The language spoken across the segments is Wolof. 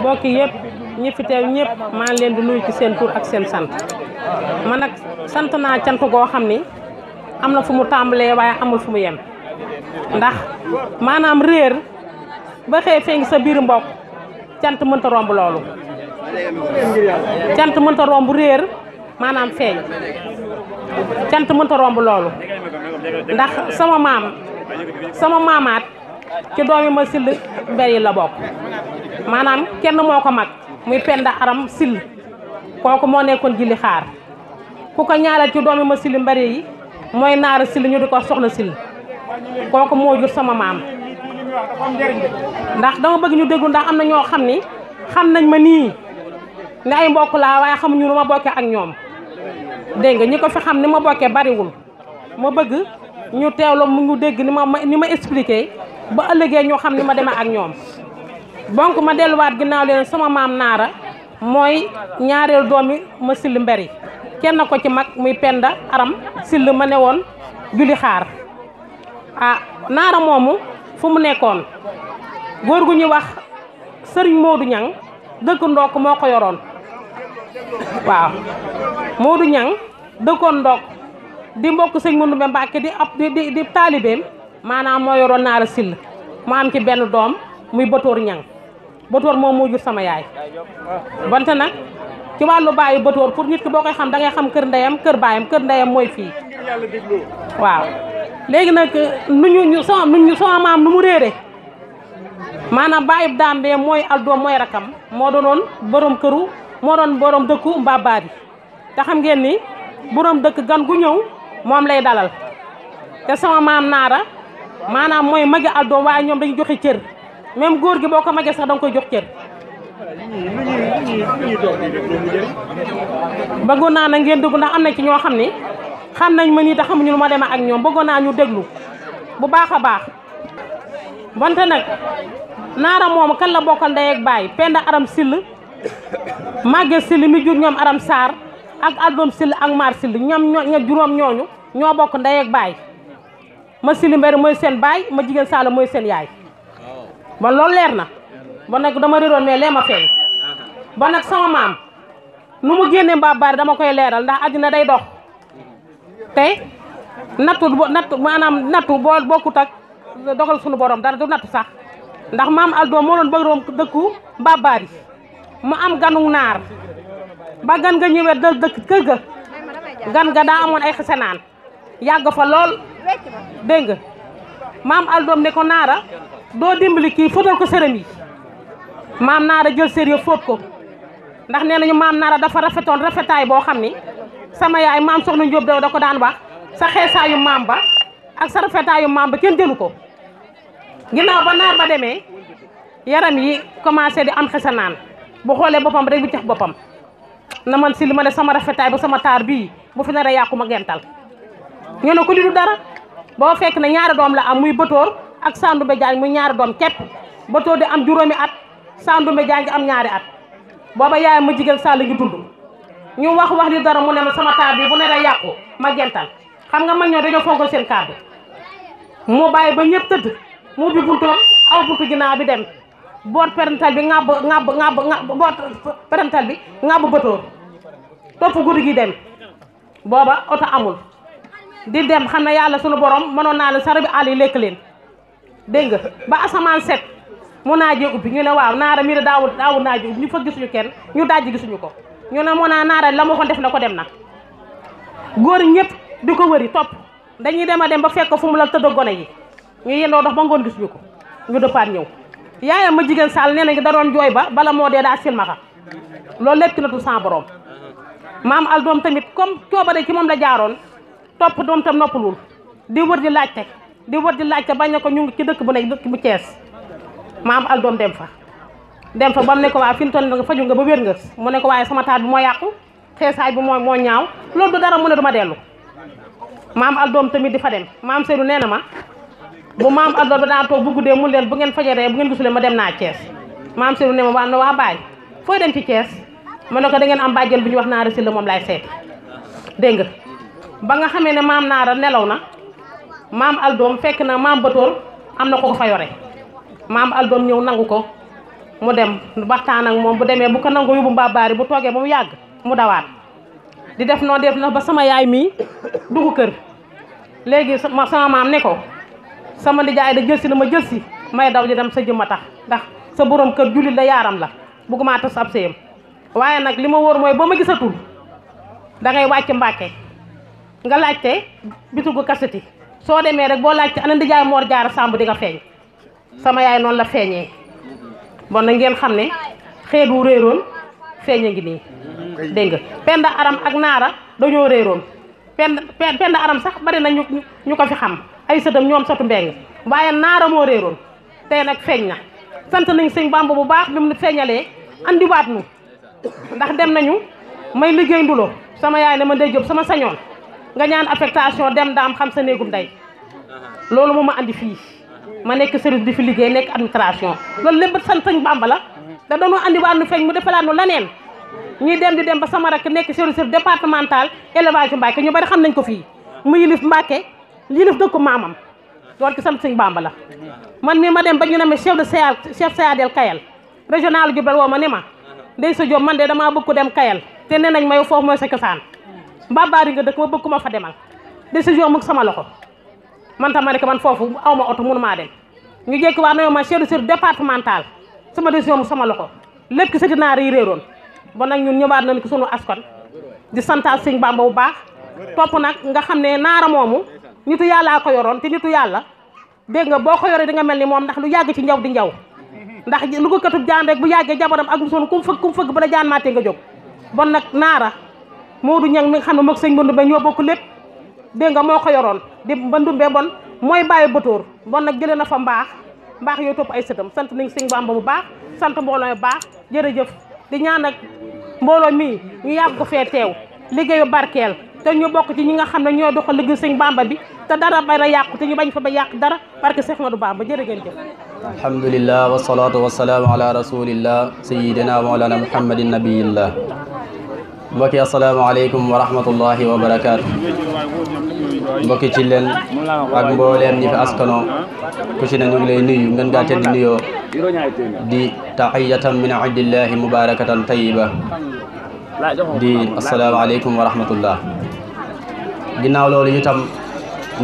mbokk yëpp ñi fi ñëpp maa ngi leen di nuyu ci seen tur ak seen sant man nag sant naa cant goo xam ni am na fu mu tàmbalee waaye amul fu mu yem ndax maanaam réer ba xëy fee sa biir mbokk cant mënta romb loolu cant mënta romb réer maanaam feeñ cant mënta romb loolu ndax sama maam sama maamaat ci doomi ma sill mbey la bokk manam kenn moko mag muy Penda Aram sil koku mo nekkon jili xaar ku ko ci doomi ma sil mbare yi moy naara sil ñu diko ko soxla sil koku mo jur sama mam ndax dama bëgg ñu déglu ndax amna na xamni xamnañ ma ni ne ay mbokk la waye xam ñu ma bokkee ak ñom dégg nga ñiko ko fi xamni ni ma bari wul ma bëgg ñu téwlo mu ñu dégg ni ma ni ma expliquer ba ëllëgee ñoo xamni ni ma déma ak ñom bonk ma wat ginaaw leen sama nara, nara nyarel ñaarel doomi ma sill mberi kenn ko ci mag muy penda aram sill ma newon julli xaar ah nara momu fu mu nekkoon góor gu ñuy wax serigne modou ñang dekk ndok moko yoron abdi waaw modou ñang dekkon ndok di mbok serigne mëndumbe mbàkke di ab di di talibem manam mo yoron nara sill am ci muy botor ñang Batoor moom moo jur sama yaay wante nag ci wàllu baayu Batoor pour nit ki boo koy xam da ngay xam kër ndeyam kër baayam kër ndeyam mooy fii waaw léegi nag nu ñu ñu nu ñu sama maam nu mu réere maanaam baayub daambee mooy aldoom mooy rakam moo doonoon borom këru moo doon borom dëkku mbaabaat yi te xam ngeen ni borom dëkk gan gu ñëw moom lay dalal te sama maam naara maanaam mooy magi aldoom waaye ñoom dañu joxe cër même goor gi boko ko sax dang koy jox cër bëggoon na ngeen dug ndax amna na ci ño xamni xamnañ ma ni tax xamnu ma demee ak ñom bëggoon ñu bu baax wante nak nara mom kan la bokal day ak bay Penda Aram silu. magge sil mi jur ñom Aram sar ak album sil ak Mar Sill ñoom ñoo juróom ñoñu ño bok nday ak bay ma sil mbere moy sen bay ma jigen sala moy sen yaay man lol leer na man nag dama réeroon mais lee ma ba nak sama mam, nu mu génne mbaa baari dama koy leral ndax àddina day dox tay nattu nattu manam nattu bo bokut ak dogal sunu borom dara du natu sax ndax mam Aldo mo don beurom dekkou mba baari mu am ganu nar ba gan nga ñewé dal dekk kër ga gan ga da amone ay xesanan yag fa lol maam aldoom ne ko naara doo dimbali kii fóotal ko sërëm yi maam naara jël sérieux fóot ko ndax nee nañu maam naara dafa rafetoon rafetaay boo xam ni sama yaay maam soxna Njóob daw da ko daan wax sa xeesaayu maam ba ak sa rafetaayu maam ba kenn jëlu ko ginnaaw ba naar ba demee yaram yi commencé di am xesa naan bu xoolee boppam rek bu cax boppam na man si li ma ne sama rafetaay ba sama taar bii bu fi nar a yàqu ma gental ñu ne ko li du dara boo fekk na ñaari doom la am muy Batoor ak Sandoumbe Diagne muy ñaari doom képp Batoor di am juróomi at Sandoumbe Diagne am ñaari at booba yaayam ma jigéen Sall gi dund ñu wax wax li dara mu ne sama taal bi bu ne la yàqu ma gental xam nga mag ñoo dañoo fonk seen kàddu mu bàyyi ba ñëpp tëdd mu bi buntoom aw buntu ginnaaw bi dem boot parental bi ŋàbb ŋàbb ŋàbb boot parental bi ŋàbb Batoor topp guddi gi dem booba oto amul di dem xamna yalla sunu borom mënoon na la sarabi ali lek leen deeng ba asaman set mu naajee ubbi ñu ne waaw naara mi de ñu fa gisunu kenn ñu ko ñu ne mo na naara la def na dem na goor ñepp di wëri top dañuy dem a dem ba fekk fu mu la teddo gone yi ñu yendoo dox ba ngon gisunu ko ñu dëppaat ñew yaayam ma jigéen Sall na nga da doon joy ba bala moo dee da silmaxa loolu lépp ci tu sans borom Mam al doom tamit comme coobare ci mom la jaaroon topp doom tam noppaluwul di wër di laajte di wër di laajte bañ ne ko ñu ci dëkk bu nekk dëkk bu Cees maam al doom dem fa dem fa ba mu ne ko fi mu toll nga faju nga ba wér nga mu ne ko waaye sama taat bi moo yàqu xeesaay bi moo moo ñaaw loolu du dara mu ne du ma dellu maam al doom tamit di fa dem maam Seydou nee na ma bu maam al doom daa toog bu guddee mu leen bu ngeen fajaree bu ngeen gisulee ma dem naa Cees maam Seydou nee ma waa na waa baay fooy dem ci Cees ma ne ko da ngeen am bàjjël bu ñu wax naa rësil la moom laay seet nga ba nga xamé né mam naara nelaw na maam aldoom fekk na mam batol am ko ko fa yoré mam aldom ñew nangu ko mu dem waxtaan ak mom bu démé bu ko nangu yóbbu mbaa bu toogee bu mu mu dawaat di def no def na ba sama yaay mi duggu kër légui sama mam né ko sama jaay da ci na ma ci may daw di dem sa jëmma tax ndax sa borom kër jullit la yaaram la bugguma tas ab séyam waaye nag li ma wóor mooy gisatul da ngay wacc mbacke nga laajte bitigu kaseti soo demee rek boo laajte ana ndijaay moor jaara sàmb di nga feeñ sama yaay noonu la feeñee bon na ngeen xam ne xeet wu réeroon feeñ a ngi nii dégg nga penda aram ak naara dañoo réeroon penda penda aram sax bari na ñu ñu ko fi xam ay sëtam ñoom satu mbeng waaye naara moo réeroon tey nag feeñ na sant nañ sëñ bàmba bu baax bi mu andi andiwaat nu ndax dem nañu may liggéey ndulo sama yaay ne ma ndey jóob sama sañoon nga ñaan affectation dem daam xam sa néegum day lolu moo ma andi fi ma nek service bi fi liggéey nek administration lolu lembe sant señ bamba la da doono andi wañu feñ mu defalano lanen ñi dem di dem ba sama rakk nek service départemental élevage Mbàkke ñu bari xam nañ ko fi mu yilif Mbàkke yilif dëkku mamam loolu ci sant señ bamba la man mi ma dem ba ñu ne chef de CA chef CADL Kayal régional Diourbel wo ma ne ma ndey sa jom man de dama bëgg dem Kayal té nenañ may fofu moy sa cosaan mbabaari nga dekk ma bëgg ma fa demal décision mu sama loxo man tamane ma man fofu awma ma mënu ma dem ñu jekk wa nañoo ma chef de sur départemental sama décision mu sama loxo lépp ci sëti ri yi ba nak ñun ñëwaat nañ ko sunu askan di santal seigne Bamba bu baax top nak nga xamné ne naara moomu nitu yalla ko yoron te nitu yalla dégg nga boko yoré di nga melni mom ndax lu yagg ci njaw di njaw ndax lu ko katub jaan rek bu yagge jabaram ak mu kum kum bala jaan nga jog bon nak naara modu ñang nga xam ne señ bondu Bounde ñoo bokku lepp de nga moko yoron di bandu be bon moy baye botor bon nak jëlee na fa mbax mbax yo top ay sëtam sant nañ señ Bamba bu baax sant mbolo yu baax jërëjëf di ñaan nak mbolo mi ñu yàgg ko fe tew liggéeyu barkel te ñu bokku ci ñi nga xam ñoo doxal liggéey señ Bamba bi te dara bay la yàqu te ñu bañ fa ba yaq dara barke señ modu Bamba jere gën jëf alhamdulillah wasalaatu wasalaamu ala rasulillah wa ala muhammadin nabiyillah mbokki asalaamaaleykum wa rahmatullahi wa barakaatu mbokki ci leen ak mbooleem ñi fi askano ku ci ne ñu ngi lay nuyu ngeen gaa tedd nuyoo di taxiyatan min indillahi mubarakatan tayiba di asalaamaaleykum wa rahmatullah ginnaaw loolu itam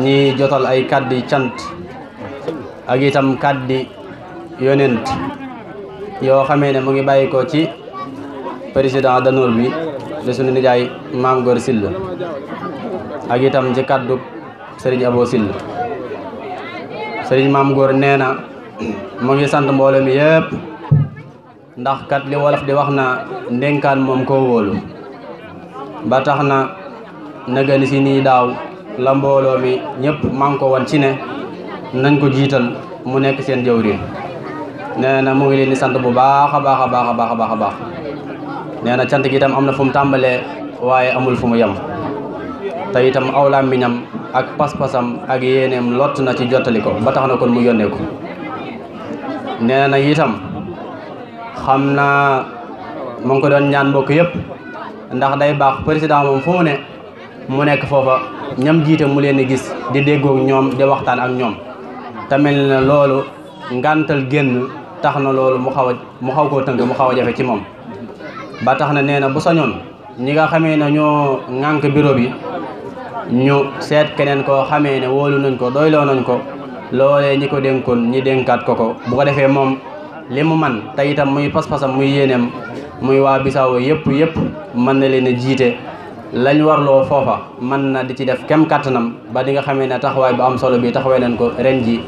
ñi jotal ay kaddi cant ak itam kaddi yonent yoo xamee ne mu ngi bàyyi ko ci président danoor bi de sunu nijaay maam góor Sylla ak itam ci kaddu serigne Abo sil serigne maam góor nee na ngi sant mbolam mi ndax kat li wolof di waxna na mom ko wolu ba taxna na nagani si nii daaw la mbolo mi ñepp mang ko won ci ne nañ ko jital mu nekk seen jawri neena na ngi leen di sant bu baax a baax a nee na cant gi am na fu mu tàmbalee waaye amul fu mu yem te itam aw làmmiñam ak pas-pasam ak yéeneem lott na ci jottalikoo ko ba tax na kon mu yónnee ko nee xam naa mu ngi ko doon ñaan mbokk yëpp ndax day baax président moom fu mu ne mu nekk foofa ñam jiite mu leen di gis di déggoog ñoom di waxtaan ak ñoom te mel na loolu ngàntal génn tax na loolu mu xaw a mu xaw koo tënk mu xaw a jafe ci moom ba tax na nee na bu sañoon ñi nga xamee na ñoo ŋànk bi bi ñu seet keneen koo xamee ne woolu nañ ko doyloo nañ ko loolee ñi ko dénkoon ñi dénkaat ko ko bu ko defee moom li mu man te itam muy pas-pasam muy yéeneem muy waa Bisaawo yëpp yëpp mën na leen a jiite lañ warloo foofa mën na di ci def kem kàttanam ba di nga xamee ne taxawaay bu am solo bi taxawee nañ ko ren ji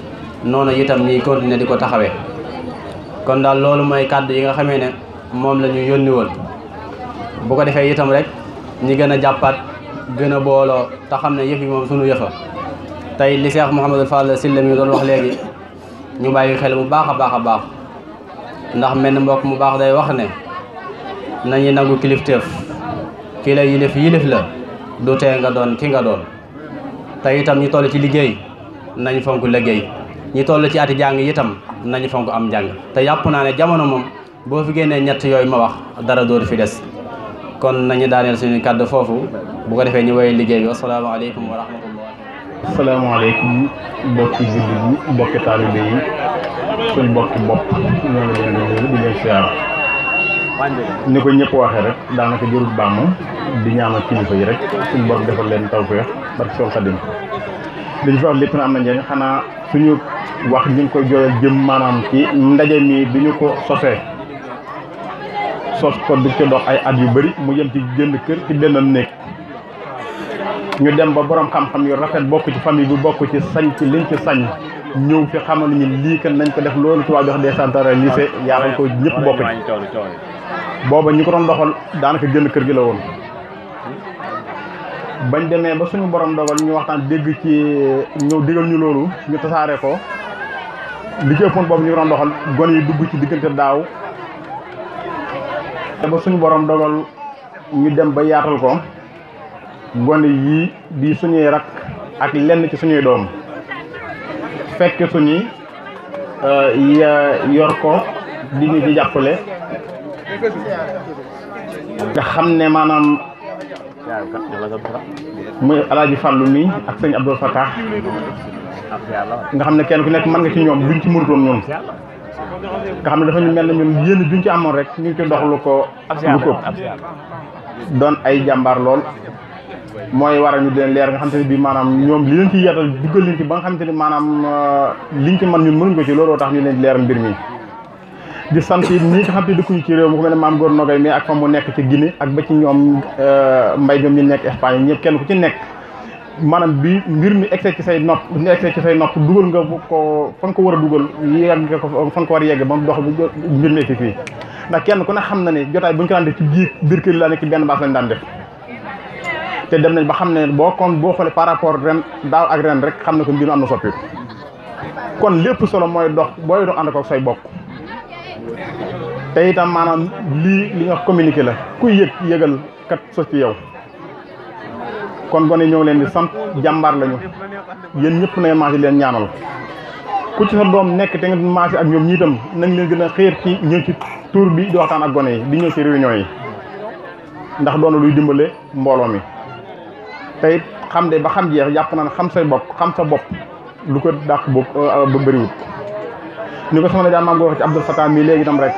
noonu itam ñuy continuer di ko taxawee kon daal loolu mooy kàddu yi nga xamee moom la ñu yónni woon bu ko defee itam rek ñi gën a jàppaat gën a booloo te xam ne yëf yi moom sunu yëfa tey li Cheikh Mouhamadou Fall Sylla mi doon wax léegi ñu bàyyi xel bu baax a baax a baax ndax mel ni mbokk mu baax day wax ne nañu nangu kilifteef kii la yilif yilif la du tee nga doon ki nga doon te itam ñi toll ci liggéey nañ fonk liggéey ñi toll ci ati jàng yitam nañu fonk am jàng te yàpp naa ne jamono moom bo fi génnee ñett yoy ma wax dara door fi dess kon nañu daanel suñu kaddu fofu bu ko defé ñu woyee liggéey bi alaykum wa assalamu alaykum mbokki jullit bi mbokki talibé yi suñu mbokki bopp ñoo ngi leen di nuyu di leen siyaar ni ko ñepp waxee rek daanaka jërul bamu di ñaanal kilifa yi rek suñu borom defal leen tawfiq barke sol xadim li ñu wax na am na ñeñ xana suñu wax ñu koy jëm manam ci ndaje mi biñu ko sofé sos ko di dox ay at yu bari mu yem ci génn kër ci benn néeg ñu dem ba borom xam-xam yu rafet bokk ci famille bi bokk ci sañ ci liñ ci sañ ñëw fi xamal ñu lii kan nañ ko def loolu tubaab wax décentralisé yaaxal ko ñëpp bokk ci booba ko doon doxal daanaka génn kër gi la woon bañ demee ba suñu borom dogal ñu waxtaan dégg ci digal ñu loolu ñu ko ñu doxal gon yi dugg ci te ba suñu boroom dogal ñu dem ba yaatal ko gone yii di suñuy rak ak lenn ci suñuy doom fekk suñuy euh, yor ko di ñu ci jàppale nga xam ne maanaam muy alaaji fàllu mi ak sëñ Abdou Fatah nga xam ne kenn ku nekk mën nga ci ñoom luñ ci mënutoon ñoom nga xam ne dafa ñu mel na ñun yéen juñ ci amoon rek ñu ci dox lu ko lu ko doon ay jàmbaar lool mooy waral ñu deen leer nga xam te ne bii maanaam ñoom li leen ci yaatal duggal leen ci ba nga xam te ne maanaam euh, liñ ci man ñun mënuñ ko ci looloo tax ñu leen leer mbir mi di sant it ñi nga xam te dëkkuñu ci réew mu ku mel ne maam góor nogay mais ak fa mu nekk ci Guinée ak ba ci ñoom euh, mbay ñoom ñu nekk Espagne ñëpp kenn ku ci nekk maanaam bi mbir mi egsee ci say nopp bu ñu dugal nga ko fa nga ko war a dugal yegg nga ko fa nga ko war a yegg ba dox mbir mi egsi fii ndax kenn ku ne xam na ne jotaay bu ñu ko daan def ci biir biir kër benn baas lañ daan def te dem nañ ba xam ne boo kon boo xoolee par rapport ren daaw ak ren rek xam ne ko mbir mi am na soppi kon lépp solo mooy dox booy dox ànd ko ak say bokk te itam maanaam lii li nga communiqué la kuy yëg yëgal kat sos ci yow kon gone ñoo ngi leen di sant jàmbaar lañu yéen ñëpp na maasi leen ñaanal ku ci sa doom nekk te nga maasi ak ñoom ñi itam nañ leen gën a xéer ci ñëw ci tour bi di waxtaan ak gone yi di ñëw ci réunion yi ndax doona luy dimbale mbooloo mi tey xam de ba xam jeex yàpp na ne xam say bopp xam sa bopp lu ko dàq bopp euh, ba bëriwut ni ko soxna ne maa ngi wax ci Abdou fataan mii léegi tam rek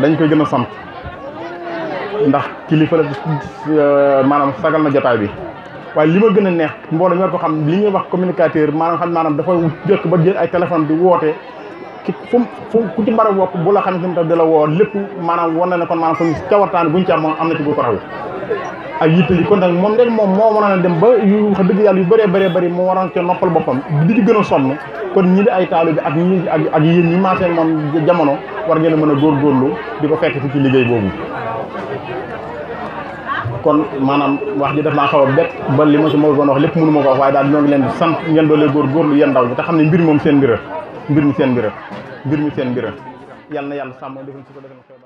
dañ koy gën a sant ndax kilifa la euh, maanaam sagal na jotaay bi waaye li ma gën a neex mbooloo ñoo ko xam li ñuy wax communicateur maanaam xam maanaam dafa jëkk ba jël ay téléphone di woote ki fu fu ku ci mbar wopp bu la xam ne da la woo lépp maanaam war na ne kon maanaam kon cawartaan buñ ci am am na ci bu ko raw ak yitte yi kon nag moom rek moom moo waroon a dem ba yu wax dëgg yàlla yu bëree bëree bëri moo waroon ca noppal boppam di ci gën a sonn kon ñi di ay taalu bi ak ñi ak yéen ñi maasee moom jamono war ngeen na mën a góorgóorlu di ko fekk ci liggéey boobu kon maanaam wax ji def naa xaw a bett ba li moo goon wax lépp mënu ma ko wax waaye daal ñoo ngi leen di sant ngeen doolee góorgóorlu yéen ndaw ñi te xam ne mbir moom seen mbir mbir mi seen mbir mbir mi seen mbir yàlla na yàlla sàmm defal si ko defal